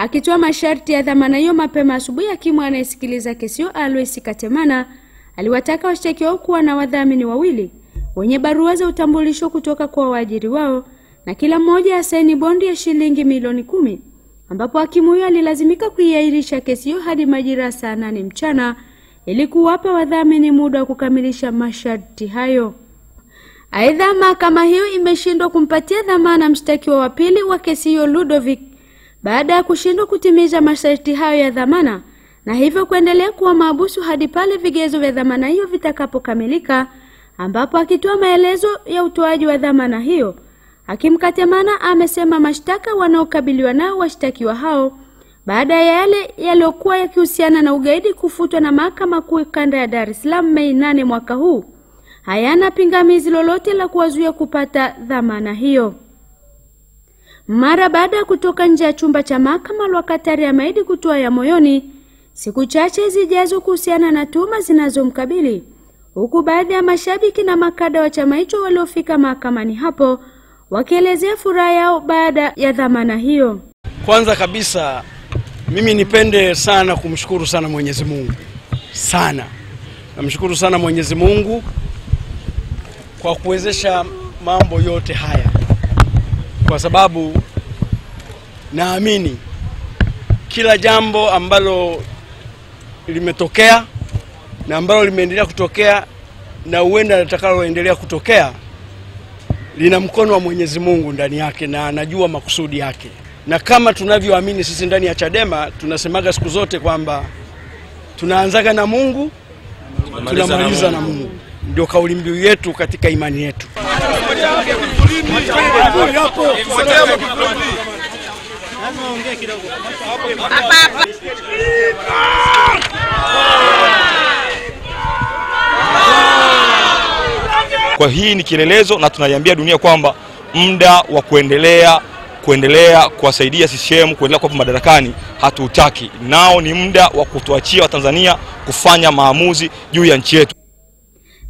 Akitoa masharti ya dhamana hiyo mapema asubuhi, hakimu anayesikiliza kesi hiyo Alois Katemana aliwataka washtakiwa kuwa na wadhamini wawili wenye barua za utambulisho kutoka kwa waajiri wao na kila mmoja asaini bondi ya shilingi milioni kumi ambapo hakimu huyo alilazimika kuiahirisha kesi hiyo hadi majira ya saa nane mchana ili kuwapa wadhamini muda wa kukamilisha masharti hayo. Aidha, mahakama hiyo imeshindwa kumpatia dhamana mshtakiwa wa pili wa kesi hiyo Ludovic baada ya kushindwa kutimiza masharti hayo ya dhamana na hivyo kuendelea kuwa maabusu hadi pale vigezo vya dhamana hiyo vitakapokamilika, ambapo akitoa maelezo ya utoaji wa dhamana hiyo, akimkatemana amesema mashtaka wanaokabiliwa nao washtakiwa hao baada ya yale yaliyokuwa yakihusiana na ugaidi kufutwa na Mahakama Kuu Kanda ya Dar es Salaam Mei 8 mwaka huu hayana pingamizi lolote la kuwazuia kupata dhamana hiyo. Mara baada ya kutoka nje ya chumba cha mahakama, Lwakatari ameahidi kutoa ya moyoni siku chache zijazo kuhusiana na tuhuma zinazomkabili, huku baadhi ya mashabiki na makada wa chama hicho waliofika mahakamani hapo wakielezea furaha yao baada ya dhamana hiyo. Kwanza kabisa mimi nipende sana kumshukuru sana Mwenyezi Mungu sana, namshukuru sana Mwenyezi Mungu kwa kuwezesha mambo yote haya kwa sababu naamini kila jambo ambalo limetokea na ambalo limeendelea kutokea na huenda litakaloendelea kutokea lina mkono wa Mwenyezi Mungu ndani yake na anajua makusudi yake, na kama tunavyoamini sisi ndani ya Chadema tunasemaga siku zote kwamba tunaanzaga na Mungu tunamaliza na Mungu ndio kauli mbiu yetu katika imani yetu. Kwa hii ni kielelezo na tunaiambia dunia kwamba muda wa kuendelea kuendelea kuwasaidia CCM kuendelea kuwapa madarakani hatuutaki, nao ni muda wa kutuachia Watanzania kufanya maamuzi juu ya nchi yetu.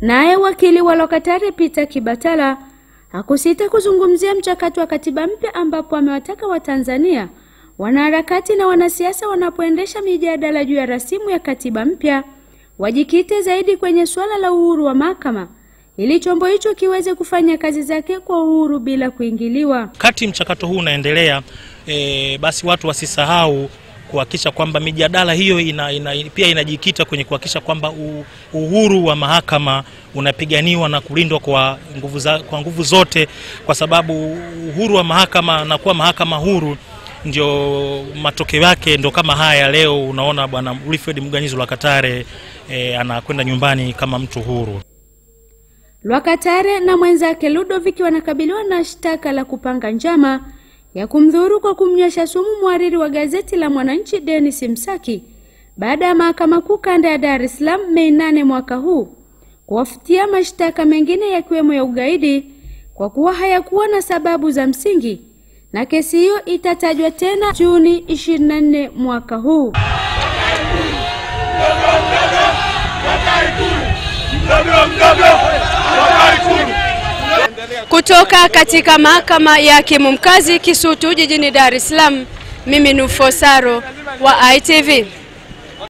Naye wakili wa Lokatari Peter Kibatala hakusita kuzungumzia mchakato wa katiba mpya ambapo amewataka Watanzania wanaharakati na wanasiasa wanapoendesha mijadala juu ya rasimu ya katiba mpya wajikite zaidi kwenye suala la uhuru wa mahakama ili chombo hicho kiweze kufanya kazi zake kwa uhuru bila kuingiliwa. Kati mchakato huu unaendelea, e, basi watu wasisahau kuhakikisha kwamba mijadala hiyo ina, ina, pia inajikita kwenye kuhakikisha kwamba uhuru wa mahakama unapiganiwa na kulindwa kwa nguvu, za, kwa nguvu zote, kwa sababu uhuru wa mahakama na kuwa mahakama huru ndio matokeo yake ndo kama haya leo unaona bwana Wilfred Mganyizi Lwakatare e, anakwenda nyumbani kama mtu huru. Lwakatare na mwenzake Ludovic wanakabiliwa na shtaka la kupanga njama ya kumdhuru kwa kumnyosha sumu mhariri wa gazeti la Mwananchi Dennis Msaki baada ya mahakama kuu kanda ya Dar es Salaam Mei 8 mwaka huu kuwafutia mashtaka mengine yakiwemo ya ugaidi kwa kuwa hayakuwa na sababu za msingi na kesi hiyo itatajwa tena Juni 24 mwaka huu. Kutoka katika mahakama ya hakimu mkazi Kisutu jijini Dar es Salaam, mimi ni Ufosaro wa ITV.